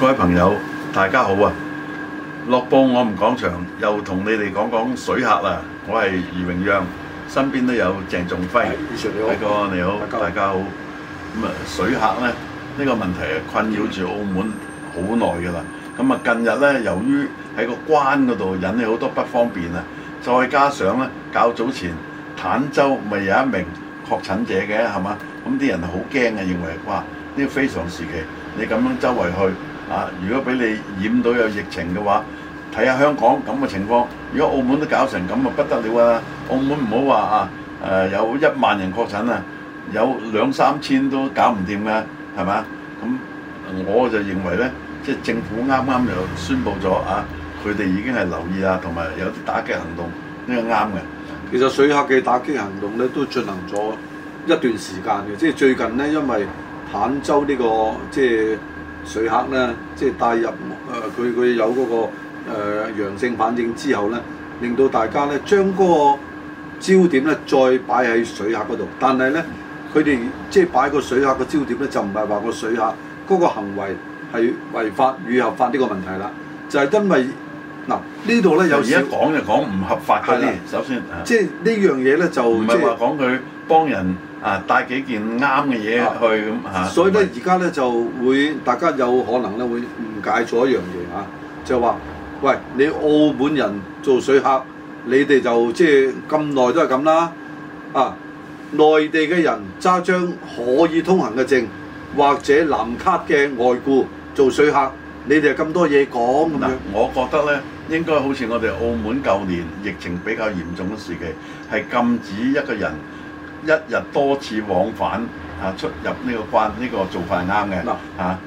各位朋友，大家好啊！樂報我們講場，又同你哋講講水客啦。我係余榮樣，身邊都有鄭仲輝。你好，大家好。咁啊，水客呢，呢、呢個問題困擾住澳門好耐噶啦。咁啊，近日呢，由於喺個關嗰度引起好多不方便啊，再加上呢，較早前坦洲咪有一名確診者嘅係嘛，咁啲人好驚呀，認為哇呢個非常時期，你咁樣周圍去。啊！如果俾你染到有疫情嘅話，睇下香港咁嘅情況，如果澳門都搞成咁啊，就不得了啊！澳門唔好話啊，誒、呃、有一萬人確診啊，有兩三千都搞唔掂嘅，係嘛？咁我就認為呢，即、就、係、是、政府啱啱又宣布咗啊，佢哋已經係留意啦，同埋有啲打擊行動，呢個啱嘅。其實水客嘅打擊行動呢，都進行咗一段時間嘅，即、就、係、是、最近呢，因為坦洲呢、這個即係。就是水客呢，即係帶入誒，佢、呃、佢有嗰、嗰個誒、呃、陽性反應之後呢，令到大家呢將嗰個焦點呢再擺喺水客嗰度。但係呢，佢哋、嗯、即係擺個水客個焦點呢，就唔係話個水客嗰個行為係違法與合法呢個問題啦。就係、是、因為嗱，呢度呢，有時講就講唔、就是、合法嘅。的首先即係呢樣嘢呢，就唔係話講佢幫人。啊！帶幾件啱嘅嘢去咁嚇，啊啊、所以咧而家咧就會大家有可能咧會誤解咗一樣嘢嚇，就話、係：喂，你澳門人做水客，你哋就即係咁耐都係咁啦。啊，內地嘅人揸張可以通行嘅證或者南卡嘅外僱做水客，你哋咁多嘢講咁樣。嗯、用我覺得咧，應該好似我哋澳門舊年疫情比較嚴重嘅時期，係禁止一個人。一日多次往返啊，出入呢個關，呢個做法係啱嘅，嗱嚇，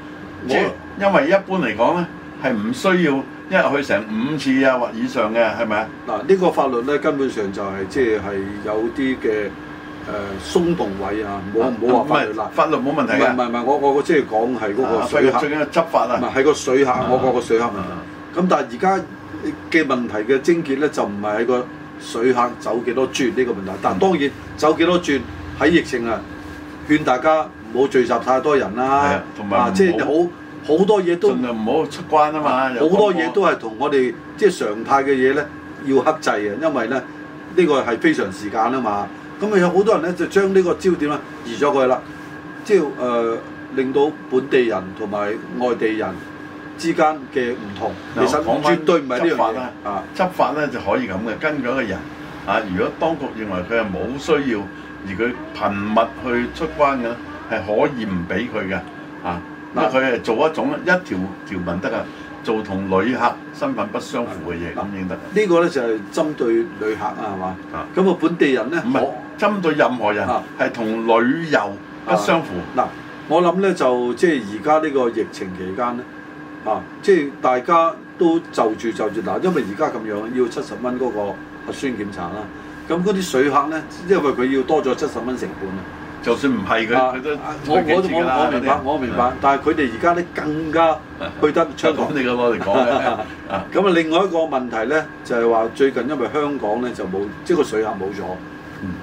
即因為一般嚟講咧係唔需要一日去成五次啊或以上嘅，係咪啊？嗱，呢個法律咧根本上就係即係係有啲嘅誒鬆動位啊，冇冇話法，嗱，法律冇問題，唔係唔係我我即係講係嗰個水客，最緊要執法啊，唔係喺個水客，我講個水客啊，咁但係而家嘅問題嘅症結咧就唔係喺個。水客走幾多轉呢個問題？嗱，當然、嗯、走幾多轉喺疫情啊，勸大家唔好聚集太多人啦，啊，即係好好多嘢都儘量唔好出關啊嘛。好多嘢都係同我哋即係常態嘅嘢咧，要克制啊，因為咧呢個係非常時間啊嘛。咁啊，有好多人咧就將呢個焦點咧移咗過去啦，即係誒、呃、令到本地人同埋外地人，之間嘅唔同，其實講返絕對唔係執法啦，啊，執法咧就可以咁嘅，根據一個人啊，如果當局認為佢係冇需要，而佢頻密去出關嘅，係可以唔俾佢嘅，啊，咁佢係做一種一條條文得嘅，做同旅客身份不相符嘅嘢咁先得。呢個咧就係針對旅客啊，係嘛？啊，咁啊本地人咧，唔係針對任何人，係同旅遊不相符。嗱，我諗咧就即係而家呢個疫情期間咧。啊！即係大家都就住就住嗱，因為而家咁樣要七十蚊嗰個核酸檢查啦。咁嗰啲水客呢，因為佢要多咗七十蚊成本啊。就算唔係佢，我我明白，啊、我明白。的但係佢哋而家呢，更加去得猖狂。你嘅我嚟講咁啊，啊啊另外一個問題呢，就係、是、話最近因為香港呢就冇，即係個水客冇咗。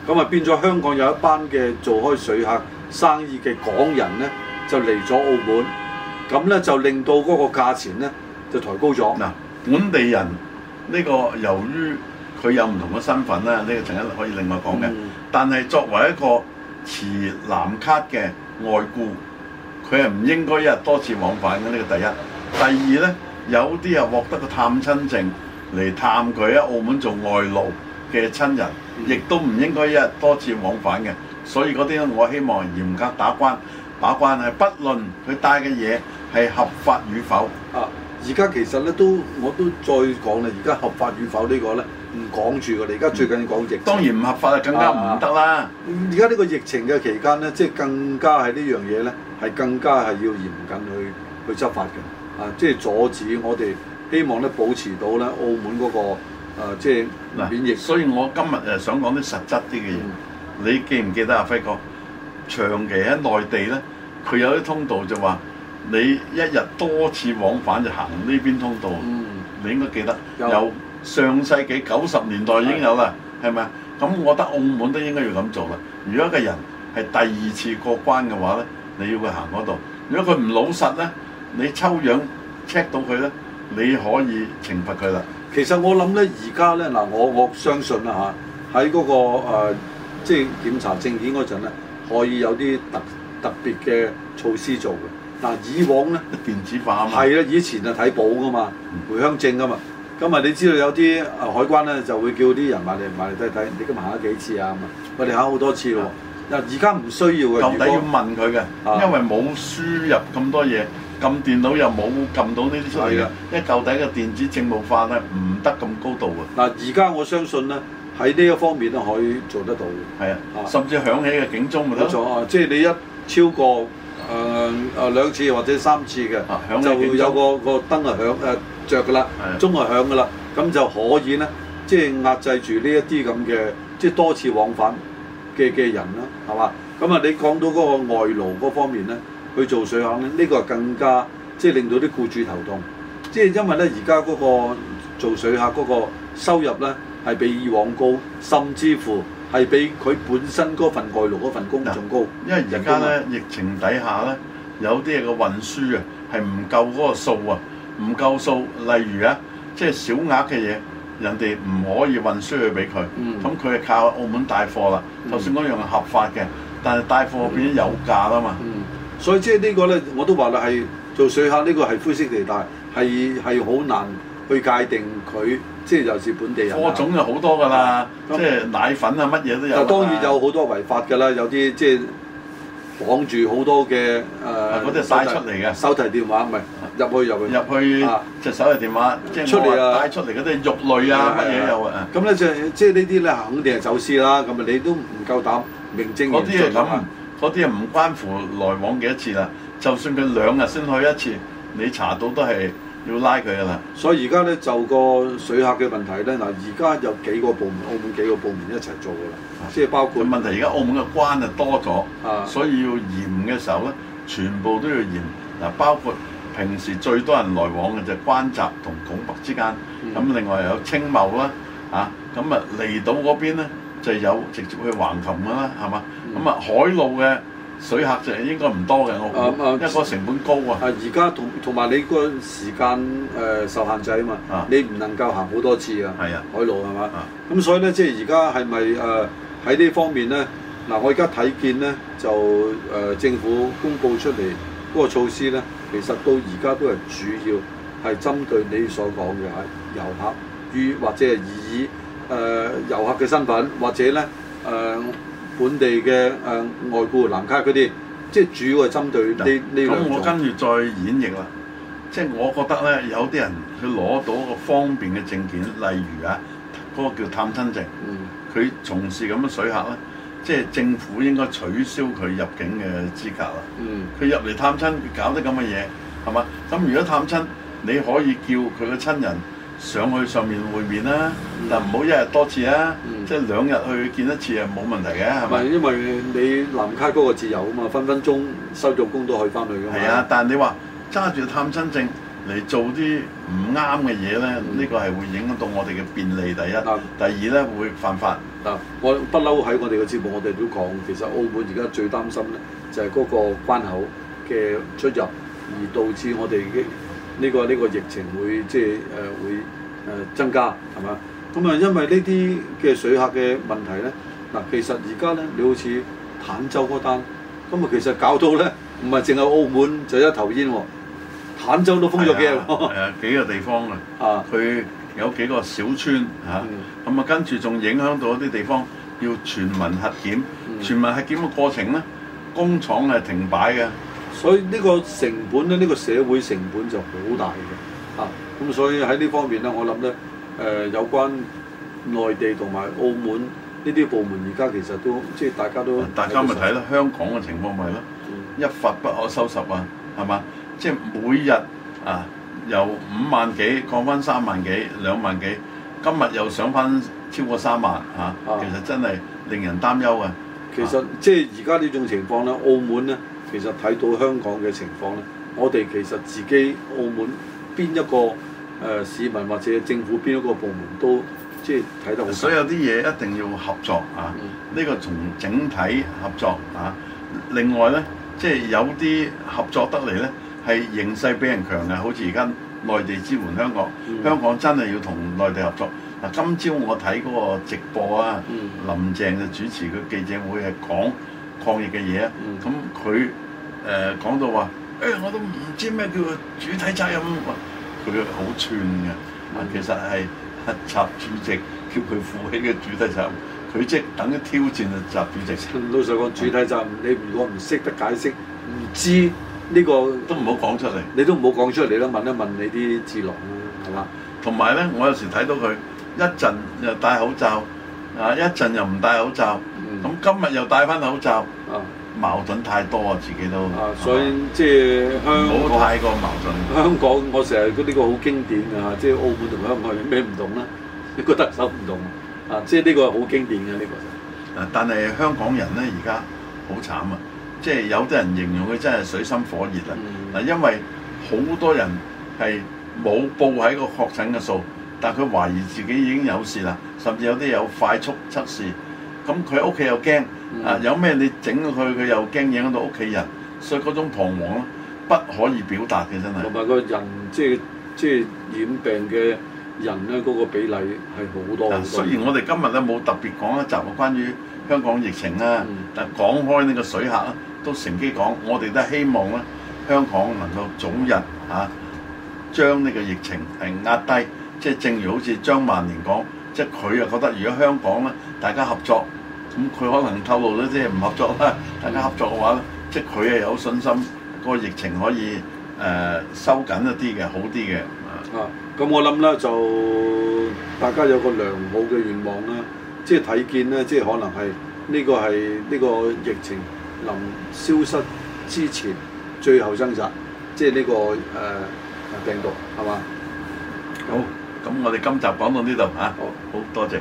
咁啊、嗯，變咗香港有一班嘅做開水客生意嘅港人呢，就嚟咗澳門。咁咧就令到嗰個價錢咧就抬高咗。嗱，本地人呢個由於佢有唔同嘅身份咧，呢個陣間可以另外講嘅。嗯、但係作為一個持藍卡嘅外僱，佢係唔應該一日多次往返嘅。呢個第一。第二咧，有啲啊獲得個探親證嚟探佢喺澳門做外勞嘅親人，亦都唔應該一日多次往返嘅。所以嗰啲我希望嚴格把關把關係，不論佢帶嘅嘢係合法與否啊！而家其實咧都我都再講啦，而家合法與否呢個咧唔講住㗎啦。而家最近講疫、嗯，當然唔合法啊，更加唔得啦！而家呢個疫情嘅期間咧，即係更加係呢樣嘢咧，係更加係要嚴謹去去執法嘅啊！即係阻止我哋希望咧保持到咧澳門嗰、嗰個啊、呃，即係免疫、啊。所以我今日誒想講啲實質啲嘅嘢。嗯、你記唔記得阿、啊、輝哥長期喺內地咧，佢有啲通道就話。你一日多次往返就行呢邊通道，嗯、你應該記得。有由上世紀九十年代已經有啦，係咪咁？我覺得澳門都應該要咁做啦。如果一個人係第二次過關嘅話咧，你要佢行嗰度。如果佢唔老實咧，你抽樣 check 到佢咧，你可以懲罰佢啦。其實我諗咧，而家咧嗱，我我相信啊吓，喺嗰個誒，即係檢查證件嗰陣咧，可以有啲特特別嘅措施做嘅。嗱，以往咧，電子化嘛，係啊，以前就睇簿噶嘛，回鄉證噶嘛，咁啊，你知道有啲啊海關咧就會叫啲人買嚟買嚟睇睇，你咁行咗幾次啊咁啊，我哋考好多次喎，嗱，而家唔需要嘅，到底要問佢嘅，因為冇輸入咁多嘢，撳電腦又冇撳到呢啲出嚟嘅，因為舊底嘅電子政務化咧唔得咁高度嘅。嗱，而家我相信咧喺呢一方面都可以做得到，係啊，甚至響起嘅警鐘就得。冇錯啊，即係你一超過。誒誒、呃呃、兩次或者三次嘅，啊、就會有個、啊、個燈啊響誒着噶啦，鐘啊的響噶啦，咁的就可以咧，即係壓制住呢一啲咁嘅即係多次往返嘅嘅人啦，係嘛？咁啊，你講到嗰個外勞嗰方面咧，去做水客咧，呢、這個更加即係、就是、令到啲僱主頭痛，即、就、係、是、因為咧而家嗰個做水客嗰個收入咧係比以往高，甚至乎。係比佢本身嗰份外勞嗰份工仲高，因為而家呢疫情底下呢，有啲嘢嘅運輸啊係唔夠嗰個數啊，唔夠數。例如啊，即係小額嘅嘢，人哋唔可以運輸去俾佢，咁佢係靠澳門帶貨啦。就算嗰樣係合法嘅，但係帶貨變咗有價啊嘛，嗯。所以即係呢個呢，我都話啦係做水客呢個係灰色地帶，係係好難。去界定佢，即係就係本地人。貨種就好多㗎啦，即係奶粉啊，乜嘢都有。當然有好多違法㗎啦，有啲即係綁住好多嘅誒。嗰啲帶出嚟嘅手提電話，唔係入去入去入去隻手提電話，即係出嚟帶出嚟啲肉類啊，乜嘢有啊？咁咧就即係呢啲咧肯定係走私啦。咁啊，你都唔夠膽明證。嗰啲係咁，嗰啲係唔關乎來往幾次啦。就算佢兩日先去一次，你查到都係。要拉佢噶啦，所以而家咧就個水客嘅問題咧，嗱而家有幾個部門，澳門幾個部門一齊做噶啦，啊、即係包括問題而家澳門嘅關多啊多咗，所以要嚴嘅時候咧，全部都要嚴。嗱，包括平時最多人來往嘅就係關閘同拱北之間，咁、嗯、另外有青茂啦，嚇、啊，咁啊離島嗰邊咧就有直接去橫琴噶啦，係嘛？咁啊海路嘅。嗯水客就應該唔多嘅，我覺得，因為、啊、個成本高啊。啊，而家同同埋你個時間誒、呃、受限制啊嘛，啊你唔能夠行好多次啊。係啊，海路係嘛？咁所以咧，即係而家係咪誒喺呢方面咧？嗱、啊，我而家睇見咧就誒、呃、政府公布出嚟嗰個措施咧，其實到而家都係主要係針對你所講嘅係遊客，以或者係以誒遊客嘅身份，或者咧誒。呃本地嘅誒、呃、外雇南卡嗰啲，即係主要係針對你。你兩種咁、嗯、我跟住再演繹啦，即係我覺得咧，有啲人佢攞到個方便嘅證件，例如啊，嗰、嗰個叫探親證，佢、嗯、從事咁嘅水客咧，即係政府應該取消佢入境嘅資格啦。佢入嚟探親搞得咁嘅嘢，係嘛？咁如果探親，你可以叫佢嘅親人。上去上面會面啦，嗯、但唔好一日多次啊，嗯、即係兩日去見一次係冇問題嘅，係咪、嗯？吧因為你臨卡嗰個自由啊嘛，分分鐘收咗工都可以翻去嘅。係啊，但係你話揸住探親證嚟做啲唔啱嘅嘢咧，呢、嗯、個係會影響到我哋嘅便利第一。嗯、第二咧會犯法。啊、嗯，我不嬲喺我哋嘅節目，我哋都講，其實澳門而家最擔心咧就係嗰個關口嘅出入，而導致我哋嘅。呢、這個呢、這個疫情會即係誒、呃、會誒增加係嘛？咁啊，因為呢啲嘅水客嘅問題咧，嗱，其實而家咧你好似坦洲嗰單，咁啊，其實搞到咧唔係淨係澳門就一頭煙喎，坦洲都封咗幾日。係啊，係啊，幾個地方啊，佢有幾個小村嚇，咁啊，跟住仲影響到一啲地方要全民核檢，全民核檢嘅過程咧，工廠係停擺嘅。所以呢個成本咧，呢、呢個社會成本就好大嘅，啊，咁所以喺呢方面咧，我諗咧，誒、呃、有關內地同埋澳門呢啲部門，而家其實都即係大家都、啊、大家咪睇咯，香港嘅情況咪咯，嗯嗯、一發不可收拾啊，係嘛？即係每日啊，由五萬幾降翻三萬幾、兩萬幾，今日又上翻超過三萬嚇，啊啊、其實真係令人擔憂啊！其實即係而家呢種情況咧，澳門咧。其實睇到香港嘅情況咧，我哋其實自己澳門邊一個誒、呃、市民或者政府邊一個部門都即係睇到。所有啲嘢一定要合作啊！呢、嗯、個從整體合作啊。另外呢，即、就、係、是、有啲合作得嚟呢，係形勢比人強嘅，好似而家內地支援香港。嗯、香港真係要同內地合作。嗱、啊，今朝我睇嗰個直播啊，林鄭就主持個記者會係講抗疫嘅嘢，咁佢。誒、呃、講到話，誒、欸、我都唔知咩叫做主體責任，佢好串嘅。嗯、其實係習主席叫佢負起嘅主體責任，佢即係等於挑戰啊！習主席，老實講，主體責任你如果唔識得解釋，唔知呢、嗯、個都唔好講出嚟，你都唔好講出嚟你都問一問你啲智囊，係嘛？同埋呢，我有時睇到佢一陣又戴口罩，啊，一陣又唔戴口罩，咁、嗯、今日又戴翻口罩。嗯矛盾太多啊，自己都啊，所以吧即係香港冇太過矛盾。香港我成日覺得呢個好經典嘅、嗯、即係澳門同香港有咩唔同啦？你覺得手唔同啊？即係呢個好經典嘅呢個就。啊，但係香港人咧而家好慘啊！即係有啲人形容佢真係水深火熱、啊」啦、嗯。嗱，因為好多人係冇報喺個確診嘅數，但佢懷疑自己已經有事啦，甚至有啲有快速測試。咁佢屋企又驚，嗯、啊有咩你整佢，佢又驚影到屋企人，所以嗰種彷徨不可以表達嘅真係。同埋個人即係即係染病嘅人咧，嗰、嗰個比例係好多。雖然、嗯、我哋今日咧冇特別講一集啊，關於香港疫情啦、啊。嗯、但講開呢個水客啊，都乘機講，我哋都希望咧，香港能夠早日啊，將呢個疫情係壓低。即、就、係、是、正如好似張萬年講，即係佢又覺得如果香港咧。大家合作，咁佢可能透露呢，即係唔合作啦。大家合作嘅話，嗯、即係佢係有信心，個疫情可以誒、呃、收緊一啲嘅，好啲嘅。咁、啊、我諗咧就大家有個良好嘅願望啦，即係睇見咧，即係可能係呢個係呢個疫情臨消失之前最後掙扎，即係呢、這個誒、呃、病毒係嘛？嗯、好，咁我哋今集講到呢度吓，啊、好好多謝。